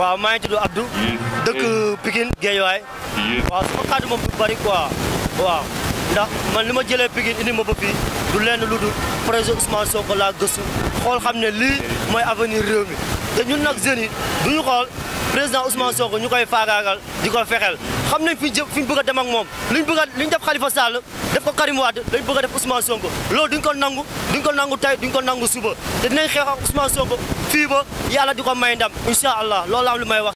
waaw maa ngi tudd Abdou. dëkk Pikine Guédiawaye. waaw sama kàddu moom du bari quoi waaw. ndax man li ma jëlee Pikine indi ma ba fii du lenn lu dul projet Ousmane Sonko laa gëstu xool xam ne lii mooy avenir réew mi te ñun nag jeunes du ñu xool. président Ousmane Sonko ñu koy faagaagal di ko fexeel xam nañ fi jë fi ñu a moom liñ bëgg a def Khalifa Sall def ko Karim Wade lañ bëgg def Ousmane Sonko loolu duñ ko nangu duñ ko nangu tey duñ ko nangu suba te dinañ xeex ak Ousmane Sonko fii di ko may ndam incha allah loolu lu may wax